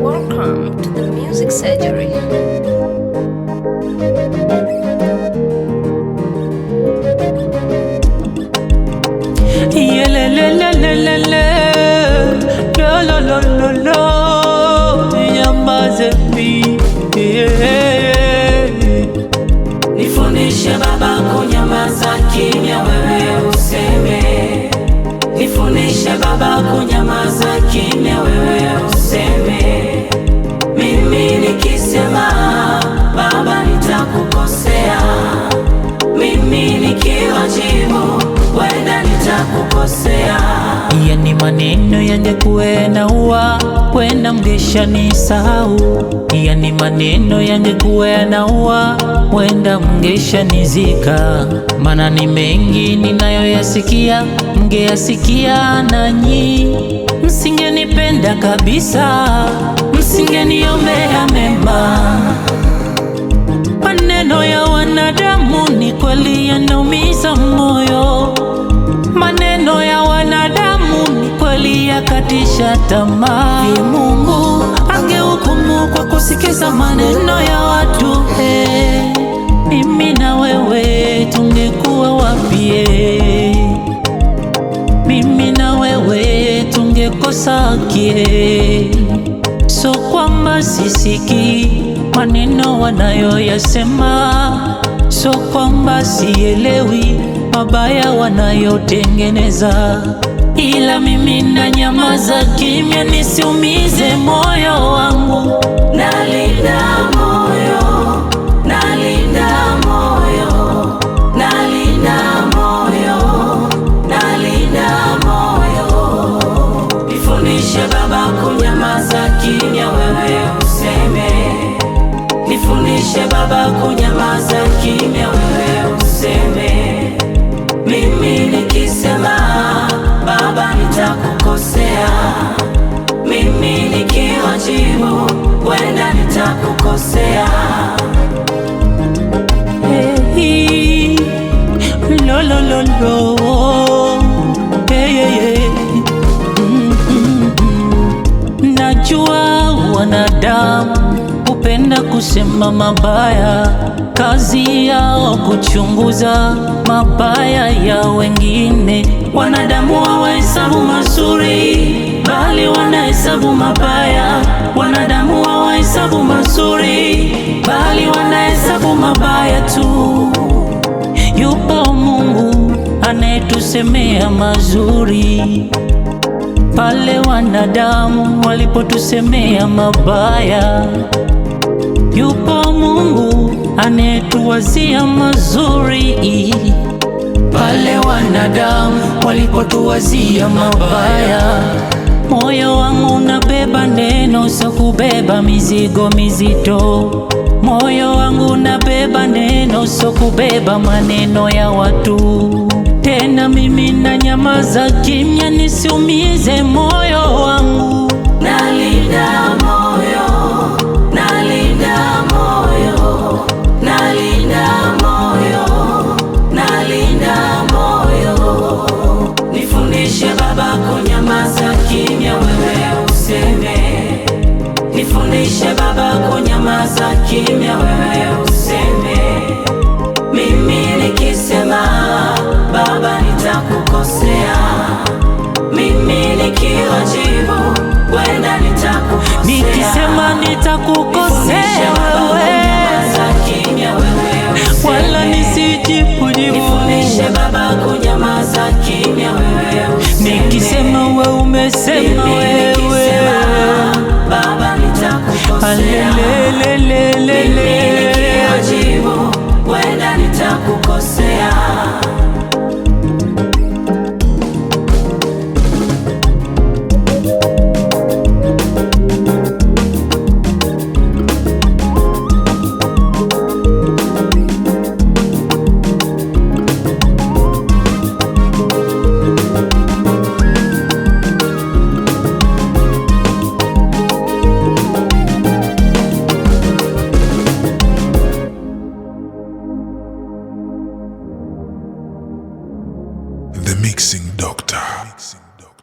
Welcome to the music surgery. nifundishe babako nyamaza kimya wewe Nifundishe Baba kunyamaza kimya, wewe useme. Mimi nikisema Baba nitakukosea, mimi nikiwajibu wenda nitakukosea. Yani maneno yangekuenaua kwenda mgesha ni sahau, yani maneno uwa wenda mgesha nizika, mana ni mengi ninayoyasikia msingeyasikia nanyi, msingenipenda kabisa, msingeniombea mema. Maneno ya wanadamu ni kweli yanaumiza moyo, maneno ya wanadamu ni kweli yakatisha tamaa. Ee Mungu angehukumu kwa kusikiza maneno ya watu, ee, mimi na wewe tungekuwa wapie tukosakie. So kwamba sisiki maneno wanayoyasema, so kwamba sielewi mabaya wanayotengeneza, ila mimi na nyamaza kimya, nisiumize moyo wangu nalinamo Mfundishe baba kunyamaza kimya, wewe useme. Mimi nikisema baba nitakukosea, mimi nikiwajibu wenda nitakukosea. Hey, lo mm, mm, mm. Najua wanadamu wanapenda kusema mabaya, kazi yao kuchunguza mabaya ya wengine. Wanadamu hawahesabu mazuri, bali wanahesabu mabaya. Wanadamu hawahesabu mazuri, bali wanahesabu mabaya tu. Yupo Mungu anayetusemea mazuri pale wanadamu walipotusemea mabaya. Yupo Mungu anetuwazia mazuri, pale wanadamu walipotuwazia mabaya. Moyo wangu unabeba neno, sio kubeba mizigo mizito. Moyo wangu unabeba neno, sio kubeba maneno ya watu. Tena mimi na nyamaza kimya, nisiumize moyo Mfundishe Baba kunyamaza kimya, wewe useme. Mimi nikisema Baba nitakukosea, mimi nikiwajibu wenda nitakukosea, nikisema nitakukosea wewe wala nisijibujibu. Nifundishe Baba kunyamaza kimya, wewe useme. Nikisema we umesema wewe le le le le le